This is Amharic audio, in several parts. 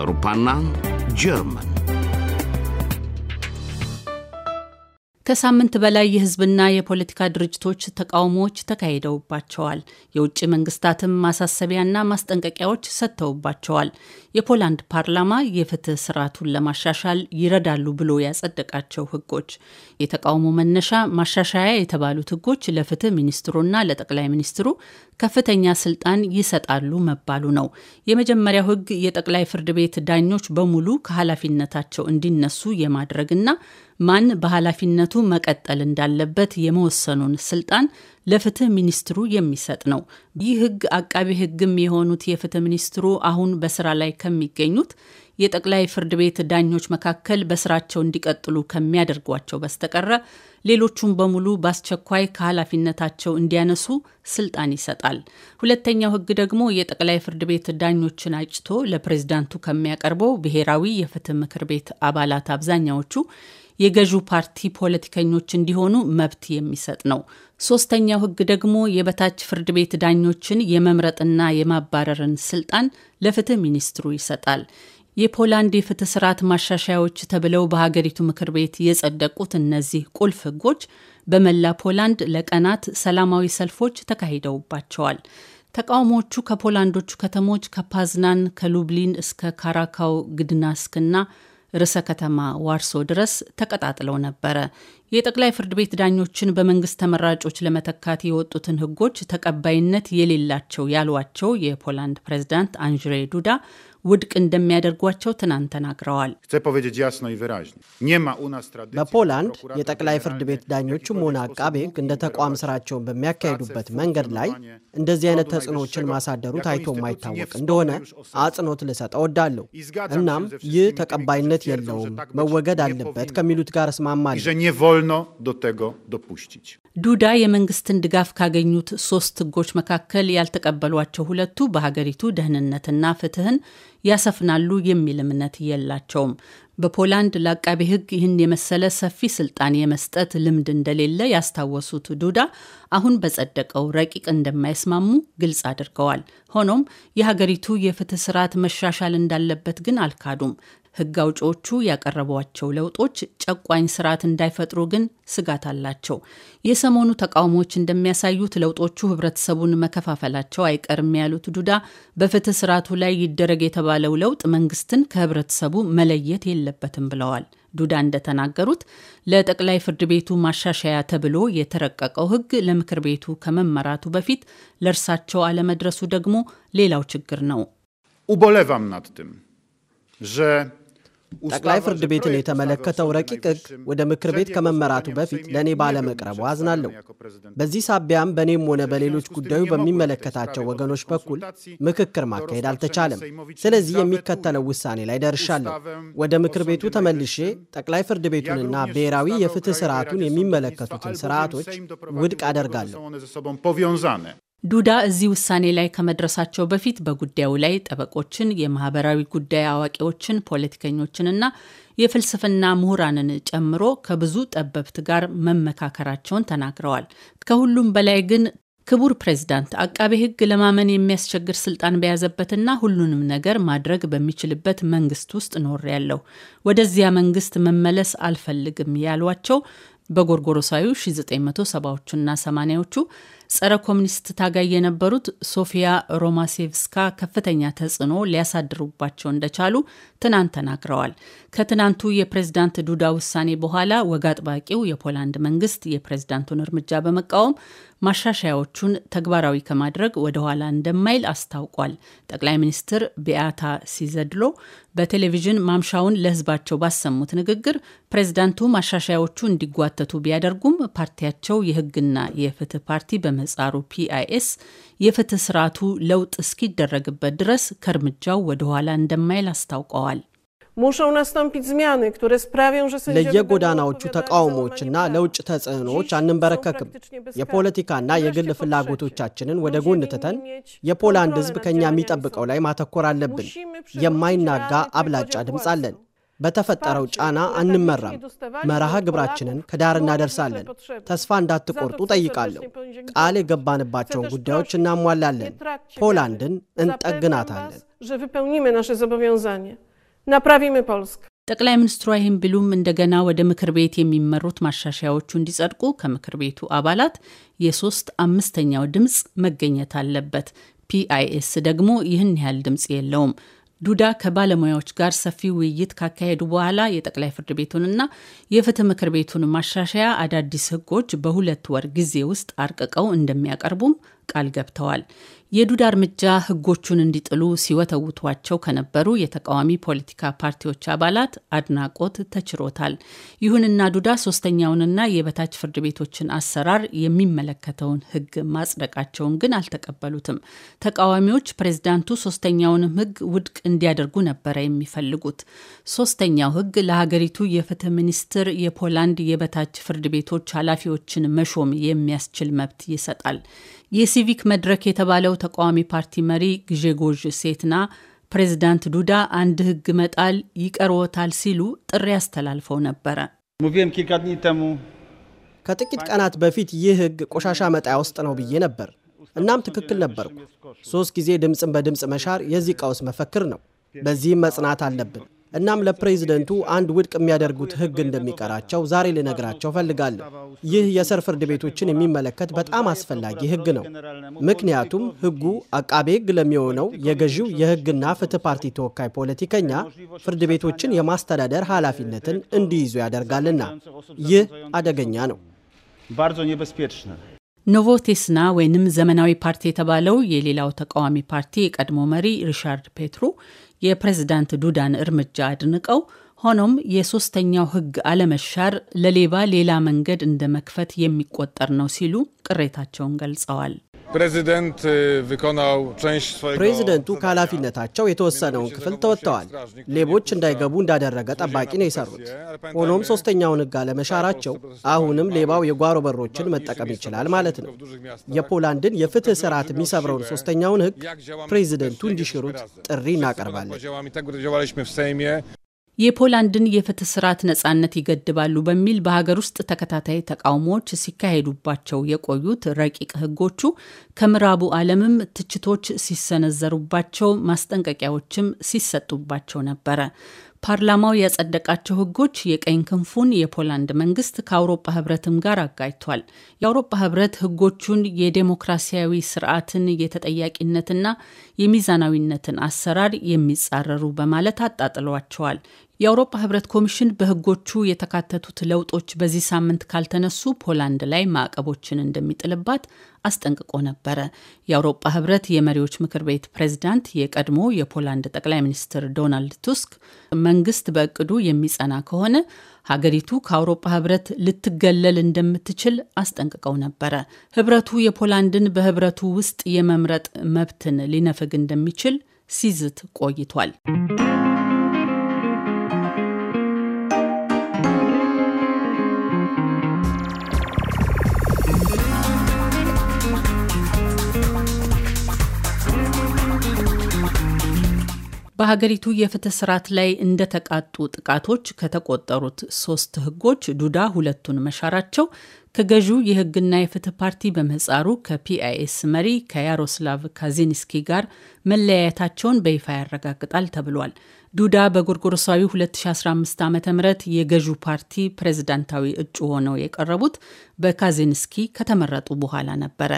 አውሮፓና ጀርመን ከሳምንት በላይ የህዝብና የፖለቲካ ድርጅቶች ተቃውሞዎች ተካሂደውባቸዋል። የውጭ መንግስታትም ማሳሰቢያና ማስጠንቀቂያዎች ሰጥተውባቸዋል። የፖላንድ ፓርላማ የፍትህ ስርዓቱን ለማሻሻል ይረዳሉ ብሎ ያጸደቃቸው ህጎች የተቃውሞ መነሻ ማሻሻያ የተባሉት ህጎች ለፍትህ ሚኒስትሩና ለጠቅላይ ሚኒስትሩ ከፍተኛ ስልጣን ይሰጣሉ መባሉ ነው። የመጀመሪያው ህግ የጠቅላይ ፍርድ ቤት ዳኞች በሙሉ ከኃላፊነታቸው እንዲነሱ የማድረግና ማን በኃላፊነቱ መቀጠል እንዳለበት የመወሰኑን ስልጣን ለፍትህ ሚኒስትሩ የሚሰጥ ነው። ይህ ህግ አቃቢ ህግም የሆኑት የፍትህ ሚኒስትሩ አሁን በስራ ላይ ከሚገኙት የጠቅላይ ፍርድ ቤት ዳኞች መካከል በስራቸው እንዲቀጥሉ ከሚያደርጓቸው በስተቀረ ሌሎቹም በሙሉ በአስቸኳይ ከኃላፊነታቸው እንዲያነሱ ስልጣን ይሰጣል። ሁለተኛው ህግ ደግሞ የጠቅላይ ፍርድ ቤት ዳኞችን አጭቶ ለፕሬዝዳንቱ ከሚያቀርበው ብሔራዊ የፍትህ ምክር ቤት አባላት አብዛኛዎቹ የገዢው ፓርቲ ፖለቲከኞች እንዲሆኑ መብት የሚሰጥ ነው። ሶስተኛው ህግ ደግሞ የበታች ፍርድ ቤት ዳኞችን የመምረጥና የማባረርን ስልጣን ለፍትህ ሚኒስትሩ ይሰጣል። የፖላንድ የፍትህ ስርዓት ማሻሻያዎች ተብለው በሀገሪቱ ምክር ቤት የጸደቁት እነዚህ ቁልፍ ህጎች በመላ ፖላንድ ለቀናት ሰላማዊ ሰልፎች ተካሂደውባቸዋል። ተቃውሞዎቹ ከፖላንዶቹ ከተሞች ከፓዝናን ከሉብሊን እስከ ካራካው ግድናስክና ርዕሰ ከተማ ዋርሶ ድረስ ተቀጣጥለው ነበረ። የጠቅላይ ፍርድ ቤት ዳኞችን በመንግስት ተመራጮች ለመተካት የወጡትን ህጎች ተቀባይነት የሌላቸው ያሏቸው የፖላንድ ፕሬዝዳንት አንድሬ ዱዳ ውድቅ እንደሚያደርጓቸው ትናንት ተናግረዋል። በፖላንድ የጠቅላይ ፍርድ ቤት ዳኞችም ሆነ አቃቤ ሕግ እንደ ተቋም ስራቸውን በሚያካሄዱበት መንገድ ላይ እንደዚህ አይነት ተጽዕኖዎችን ማሳደሩ ታይቶ የማይታወቅ እንደሆነ አጽንኦት ልሰጥ እወዳለሁ። እናም ይህ ተቀባይነት የለውም፣ መወገድ አለበት ከሚሉት ጋር እስማማለሁ። wolno do tego dopuścić. ዱዳ የመንግስትን ድጋፍ ካገኙት ሶስት ህጎች መካከል ያልተቀበሏቸው ሁለቱ በሀገሪቱ ደህንነትና ፍትህን ያሰፍናሉ የሚል እምነት የላቸውም። በፖላንድ ለአቃቤ ሕግ ይህን የመሰለ ሰፊ ስልጣን የመስጠት ልምድ እንደሌለ ያስታወሱት ዱዳ አሁን በጸደቀው ረቂቅ እንደማይስማሙ ግልጽ አድርገዋል። ሆኖም የሀገሪቱ የፍትህ ስርዓት መሻሻል እንዳለበት ግን አልካዱም። ሕግ አውጪዎቹ ያቀረቧቸው ለውጦች ጨቋኝ ስርዓት እንዳይፈጥሩ ግን ስጋት አላቸው። የሰሞኑ ተቃውሞዎች እንደሚያሳዩት ለውጦቹ ህብረተሰቡን መከፋፈላቸው አይቀርም ያሉት ዱዳ በፍትህ ስርዓቱ ላይ ይደረግ የተባ የተባለው ለውጥ መንግስትን ከህብረተሰቡ መለየት የለበትም ብለዋል። ዱዳ እንደተናገሩት ለጠቅላይ ፍርድ ቤቱ ማሻሻያ ተብሎ የተረቀቀው ህግ ለምክር ቤቱ ከመመራቱ በፊት ለእርሳቸው አለመድረሱ ደግሞ ሌላው ችግር ነው። ኡቦሌዋም ናትድም ጠቅላይ ፍርድ ቤትን የተመለከተው ረቂቅ ወደ ምክር ቤት ከመመራቱ በፊት ለእኔ ባለመቅረቡ አዝናለሁ። በዚህ ሳቢያም በእኔም ሆነ በሌሎች ጉዳዩ በሚመለከታቸው ወገኖች በኩል ምክክር ማካሄድ አልተቻለም። ስለዚህ የሚከተለው ውሳኔ ላይ ደርሻለሁ። ወደ ምክር ቤቱ ተመልሼ ጠቅላይ ፍርድ ቤቱንና ብሔራዊ የፍትህ ስርዓቱን የሚመለከቱትን ስርዓቶች ውድቅ አደርጋለሁ። ዱዳ እዚህ ውሳኔ ላይ ከመድረሳቸው በፊት በጉዳዩ ላይ ጠበቆችን፣ የማህበራዊ ጉዳይ አዋቂዎችን፣ ፖለቲከኞችንና የፍልስፍና ምሁራንን ጨምሮ ከብዙ ጠበብት ጋር መመካከራቸውን ተናግረዋል። ከሁሉም በላይ ግን ክቡር ፕሬዝዳንት አቃቤ ሕግ ለማመን የሚያስቸግር ስልጣን በያዘበትና ሁሉንም ነገር ማድረግ በሚችልበት መንግስት ውስጥ ኖር ያለው ወደዚያ መንግስት መመለስ አልፈልግም ያሏቸው በጎርጎሮሳዊ 1970ዎቹና 80ዎቹ ጸረ ኮሚኒስት ታጋይ የነበሩት ሶፊያ ሮማሴቭስካ ከፍተኛ ተጽዕኖ ሊያሳድሩባቸው እንደቻሉ ትናንት ተናግረዋል። ከትናንቱ የፕሬዝዳንት ዱዳ ውሳኔ በኋላ ወግ አጥባቂው የፖላንድ መንግስት የፕሬዝዳንቱን እርምጃ በመቃወም ማሻሻያዎቹን ተግባራዊ ከማድረግ ወደኋላ እንደማይል አስታውቋል። ጠቅላይ ሚኒስትር ቢያታ ሲዘድሎ በቴሌቪዥን ማምሻውን ለህዝባቸው ባሰሙት ንግግር ፕሬዝዳንቱ ማሻሻያዎቹ እንዲጓተቱ ቢያደርጉም ፓርቲያቸው የህግና የፍትህ ፓርቲ በመ በምህጻሩ ፒአይኤስ የፍትህ ስርዓቱ ለውጥ እስኪደረግበት ድረስ ከእርምጃው ወደኋላ እንደማይል አስታውቀዋል። ለየጎዳናዎቹ ተቃውሞዎችና ለውጭ ተጽዕኖዎች አንንበረከክም። የፖለቲካና የግል ፍላጎቶቻችንን ወደ ጎን ትተን የፖላንድ ሕዝብ ከእኛ የሚጠብቀው ላይ ማተኮር አለብን። የማይናጋ አብላጫ ድምፅ አለን። በተፈጠረው ጫና አንመራም። መርሃ ግብራችንን ከዳር እናደርሳለን። ተስፋ እንዳትቆርጡ ጠይቃለሁ። ቃል የገባንባቸውን ጉዳዮች እናሟላለን። ፖላንድን እንጠግናታለን። ጠቅላይ ሚኒስትሩ ይህም ቢሉም እንደገና ወደ ምክር ቤት የሚመሩት ማሻሻያዎቹ እንዲጸድቁ ከምክር ቤቱ አባላት የሶስት አምስተኛው ድምፅ መገኘት አለበት። ፒአይኤስ ደግሞ ይህን ያህል ድምፅ የለውም። ዱዳ ከባለሙያዎች ጋር ሰፊ ውይይት ካካሄዱ በኋላ የጠቅላይ ፍርድ ቤቱንና የፍትህ ምክር ቤቱን ማሻሻያ አዳዲስ ህጎች በሁለት ወር ጊዜ ውስጥ አርቅቀው እንደሚያቀርቡም ቃል ገብተዋል። የዱዳ እርምጃ ህጎቹን እንዲጥሉ ሲወተውቷቸው ከነበሩ የተቃዋሚ ፖለቲካ ፓርቲዎች አባላት አድናቆት ተችሮታል። ይሁንና ዱዳ ሶስተኛውንና የበታች ፍርድ ቤቶችን አሰራር የሚመለከተውን ህግ ማጽደቃቸውን ግን አልተቀበሉትም። ተቃዋሚዎች ፕሬዝዳንቱ ሶስተኛውንም ህግ ውድቅ እንዲያደርጉ ነበረ የሚፈልጉት። ሶስተኛው ህግ ለሀገሪቱ የፍትህ ሚኒስትር የፖላንድ የበታች ፍርድ ቤቶች ኃላፊዎችን መሾም የሚያስችል መብት ይሰጣል። የሲቪክ መድረክ የተባለው ተቃዋሚ ፓርቲ መሪ ግዤጎዥ ሴትና ፕሬዚዳንት ዱዳ አንድ ህግ መጣል ይቀርቦታል ሲሉ ጥሪ አስተላልፈው ነበረ። ከጥቂት ቀናት በፊት ይህ ህግ ቆሻሻ መጣያ ውስጥ ነው ብዬ ነበር። እናም ትክክል ነበርኩ። ሶስት ጊዜ ድምፅን በድምፅ መሻር የዚህ ቀውስ መፈክር ነው። በዚህም መጽናት አለብን። እናም ለፕሬዚደንቱ አንድ ውድቅ የሚያደርጉት ህግ እንደሚቀራቸው ዛሬ ልነግራቸው ፈልጋለሁ። ይህ የስር ፍርድ ቤቶችን የሚመለከት በጣም አስፈላጊ ህግ ነው። ምክንያቱም ህጉ አቃቤ ህግ ለሚሆነው የገዢው የህግና ፍትህ ፓርቲ ተወካይ ፖለቲከኛ ፍርድ ቤቶችን የማስተዳደር ኃላፊነትን እንዲይዙ ያደርጋልና ይህ አደገኛ ነው። ኖቮቴስና ወይንም ዘመናዊ ፓርቲ የተባለው የሌላው ተቃዋሚ ፓርቲ የቀድሞ መሪ ሪሻርድ ፔትሩ የፕሬዝዳንት ዱዳን እርምጃ አድንቀው ሆኖም የሶስተኛው ሕግ አለመሻር ለሌባ ሌላ መንገድ እንደ መክፈት የሚቆጠር ነው ሲሉ ቅሬታቸውን ገልጸዋል። ፕሬዚደንቱ ከኃላፊነታቸው የተወሰነውን ክፍል ተወጥተዋል። ሌቦች እንዳይገቡ እንዳደረገ ጠባቂ ነው የሰሩት። ሆኖም ሶስተኛውን ህግ አለመሻራቸው አሁንም ሌባው የጓሮ በሮችን መጠቀም ይችላል ማለት ነው። የፖላንድን የፍትህ ስርዓት የሚሰብረውን ሶስተኛውን ህግ ፕሬዚደንቱ እንዲሽሩት ጥሪ እናቀርባለን። የፖላንድን የፍትህ ስርዓት ነጻነት ይገድባሉ በሚል በሀገር ውስጥ ተከታታይ ተቃውሞዎች ሲካሄዱባቸው የቆዩት ረቂቅ ህጎቹ ከምዕራቡ ዓለምም ትችቶች ሲሰነዘሩባቸው ማስጠንቀቂያዎችም ሲሰጡባቸው ነበረ። ፓርላማው ያጸደቃቸው ህጎች የቀኝ ክንፉን የፖላንድ መንግስት ከአውሮፓ ህብረትም ጋር አጋጅቷል። የአውሮፓ ህብረት ህጎቹን የዴሞክራሲያዊ ስርዓትን የተጠያቂነትና የሚዛናዊነትን አሰራር የሚጻረሩ በማለት አጣጥሏቸዋል። የአውሮፓ ህብረት ኮሚሽን በህጎቹ የተካተቱት ለውጦች በዚህ ሳምንት ካልተነሱ ፖላንድ ላይ ማዕቀቦችን እንደሚጥልባት አስጠንቅቆ ነበረ። የአውሮፓ ህብረት የመሪዎች ምክር ቤት ፕሬዝዳንት የቀድሞ የፖላንድ ጠቅላይ ሚኒስትር ዶናልድ ቱስክ መንግስት በእቅዱ የሚጸና ከሆነ ሀገሪቱ ከአውሮፓ ህብረት ልትገለል እንደምትችል አስጠንቅቀው ነበረ። ህብረቱ የፖላንድን በህብረቱ ውስጥ የመምረጥ መብትን ሊነፍግ እንደሚችል ሲዝት ቆይቷል። በሀገሪቱ የፍትህ ስርዓት ላይ እንደተቃጡ ጥቃቶች ከተቆጠሩት ሶስት ህጎች ዱዳ ሁለቱን መሻራቸው ከገዢው የህግና የፍትህ ፓርቲ በምህጻሩ ከፒአይኤስ መሪ ከያሮስላቭ ካዚንስኪ ጋር መለያየታቸውን በይፋ ያረጋግጣል ተብሏል። ዱዳ በጎርጎሮሳዊ 2015 ዓ ም የገዢው ፓርቲ ፕሬዝዳንታዊ እጩ ሆነው የቀረቡት በካዜንስኪ ከተመረጡ በኋላ ነበረ።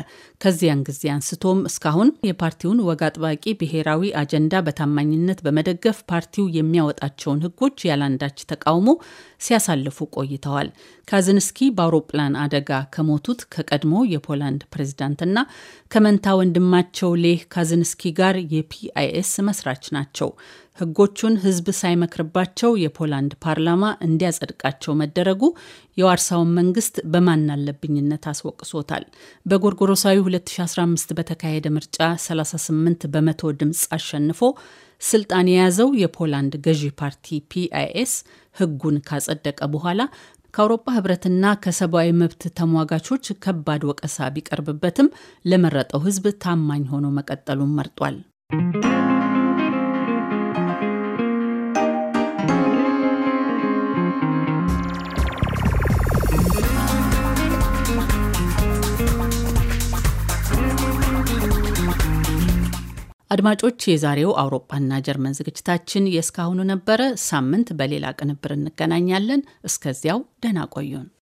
ከዚያን ጊዜ አንስቶም እስካሁን የፓርቲውን ወግ አጥባቂ ብሔራዊ አጀንዳ በታማኝነት በመደገፍ ፓርቲው የሚያወጣቸውን ሕጎች ያላንዳች ተቃውሞ ሲያሳልፉ ቆይተዋል። ካዝንስኪ በአውሮፕላን አደጋ ከሞቱት ከቀድሞ የፖላንድ ፕሬዝዳንትና ከመንታ ወንድማቸው ሌህ ካዝንስኪ ጋር የፒአይኤስ መስራች ናቸው። ህጎቹን ህዝብ ሳይመክርባቸው የፖላንድ ፓርላማ እንዲያጸድቃቸው መደረጉ የዋርሳውን መንግስት በማናለብኝነት አስወቅሶታል። በጎርጎሮሳዊ 2015 በተካሄደ ምርጫ 38 በመቶ ድምፅ አሸንፎ ስልጣን የያዘው የፖላንድ ገዢ ፓርቲ ፒአይኤስ ህጉን ካጸደቀ በኋላ ከአውሮፓ ህብረትና ከሰብአዊ መብት ተሟጋቾች ከባድ ወቀሳ ቢቀርብበትም ለመረጠው ህዝብ ታማኝ ሆኖ መቀጠሉን መርጧል። አድማጮች፣ የዛሬው አውሮፓና ጀርመን ዝግጅታችን የእስካሁኑ ነበረ። ሳምንት በሌላ ቅንብር እንገናኛለን። እስከዚያው ደህና ቆዩን።